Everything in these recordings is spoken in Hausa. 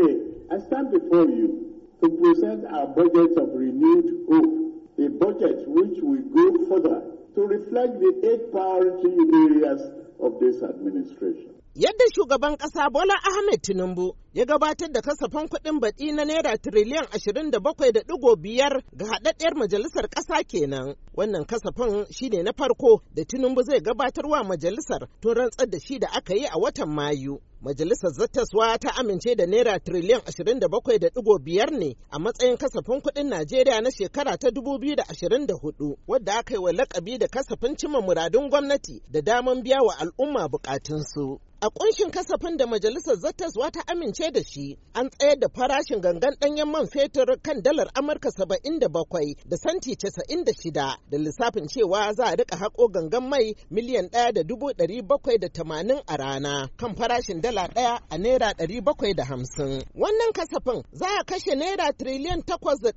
Today, I stand before you to present our budget of renewed hope, a budget which will go further to reflect the eight priority areas of this administration. Yadda shugaban ƙasa Bola Ahmed Tinubu ya gabatar da kasafin kuɗin baɗi na naira tiriliyan 27.5 ga haɗaɗɗiyar majalisar ƙasa kenan wannan kasafin shine na farko da tinubu zai gabatar wa majalisar tun rantsar da shi da aka yi a watan mayu majalisar zattaswa ta amince da naira tiriliyan 27.5 ne a matsayin kasafin kuɗin najeriya na shekara ta 2024 wadda aka yi wa lakabi da kasafin cimma muradun gwamnati da daman biya wa al'umma bukatunsu a kunshin kasafin da majalisar zattaswa ta amince amince da shi an tsayar da farashin gangan ɗanyen man fetur kan dalar amurka 77 da santi 96 da lissafin cewa za a rika haƙo gangan mai miliyan ɗaya da dubu a rana kan farashin dala ɗaya a naira ɗari bakwai da hamsin wannan kasafin za a kashe naira triliyan takwas da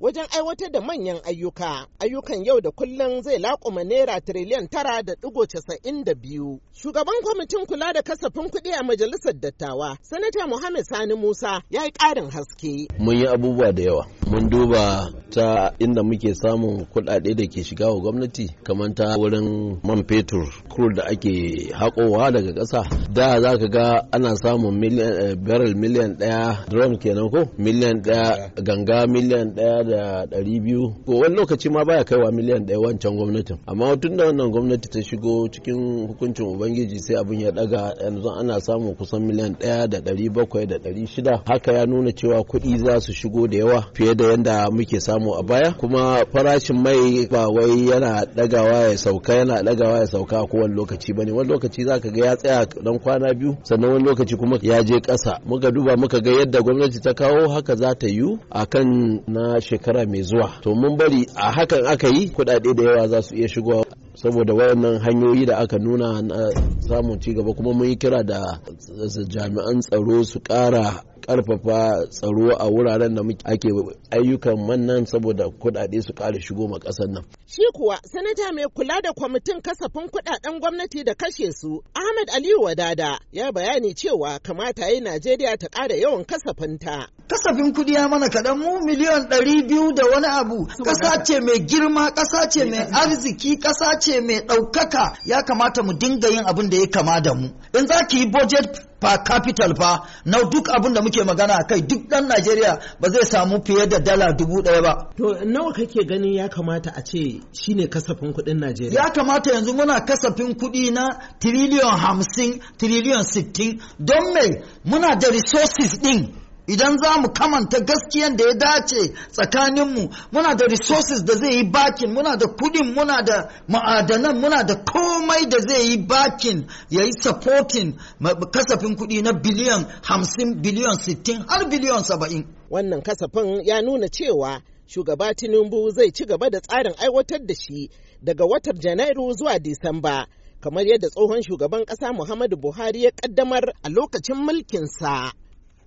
wajen aiwatar da manyan ayyuka ayyukan yau da kullum zai laƙuma naira triliyan tara da casa'in biyu shugaban kwamitin kula da kasafin kuɗi a majalisar dattawa sanata Dr. Muhammad Sani Musa ya yi ƙarin haske. Mun yi abubuwa da yawa. Mun duba ta inda muke samun kuɗaɗe da ke shiga wa gwamnati kamar ta wurin man fetur kur da ake haƙowa daga ƙasa. Da za ka ga ana samun eh, barrel miliyan ɗaya drum kenan ko miliyan ɗaya ganga miliyan ɗaya da ɗari biyu. Ko wani lokaci ma baya kaiwa miliyan ɗaya wancan gwamnatin. Amma tun da wannan gwamnati ta shigo cikin hukuncin Ubangiji sai abin ya ɗaga yanzu ana samun kusan miliyan ɗaya da ɗari bakwai haka ya nuna cewa kuɗi za su shigo da yawa fiye da yadda muke samu a baya kuma farashin mai ba wai yana ɗagawa ya sauka yana ɗagawa ya sauka a kowane lokaci bane wani lokaci za ka ga ya tsaya dan kwana biyu sannan wani lokaci kuma ya je ƙasa muka duba muka ga yadda gwamnati ta kawo haka za ta yi kan na shekara mai zuwa to mun bari a hakan aka yi kuɗaɗe da yawa za su iya shigowa saboda wayannan hanyoyi da aka nuna na samun ci gaba kuma mun yi kira da jami'an tsaro su ƙara karfafa tsaro a wuraren da ake ayyukan wannan saboda kudade su ƙara shigo ma kasar nan. Shi kuwa sanata mai kula da kwamitin kasafin kudaden gwamnati da kashe su Ahmad Aliyu Wadada ya bayani cewa kamata yi Najeriya ta ƙara yawan kasafinta. kasafin kuɗi ya mana kaɗan mu miliyan ɗari biyu da wani abu ƙasa ce mai girma ƙasa ce mai arziki ƙasa ce mai ɗaukaka ya kamata mu dinga yin abin da ya kama da mu in za ki yi budget fa capital fa na duk abin da muke magana kai duk dan Najeriya ba zai samu fiye da dala dubu ɗaya ba. To nawa kake ganin ya kamata a ce shine kasafin kuɗin Najeriya? Ya kamata yanzu muna kasafin kuɗi na trillion hamsin, trillion sittin don mai muna da resources ɗin idan za mu kamanta gaskiyan da ya dace tsakaninmu muna da resources da zai yi bakin muna da kudin muna da ma'adanan muna da komai da zai yi bakin ya yi supporting kasafin kudi na biliyan hamsin biliyan sittin har biliyan saba'in wannan kasafin ya nuna cewa shugaba tinubu zai ci gaba da tsarin aiwatar da shi daga watan janairu zuwa disamba kamar yadda tsohon shugaban ƙasa muhammadu buhari ya ƙaddamar a lokacin mulkinsa.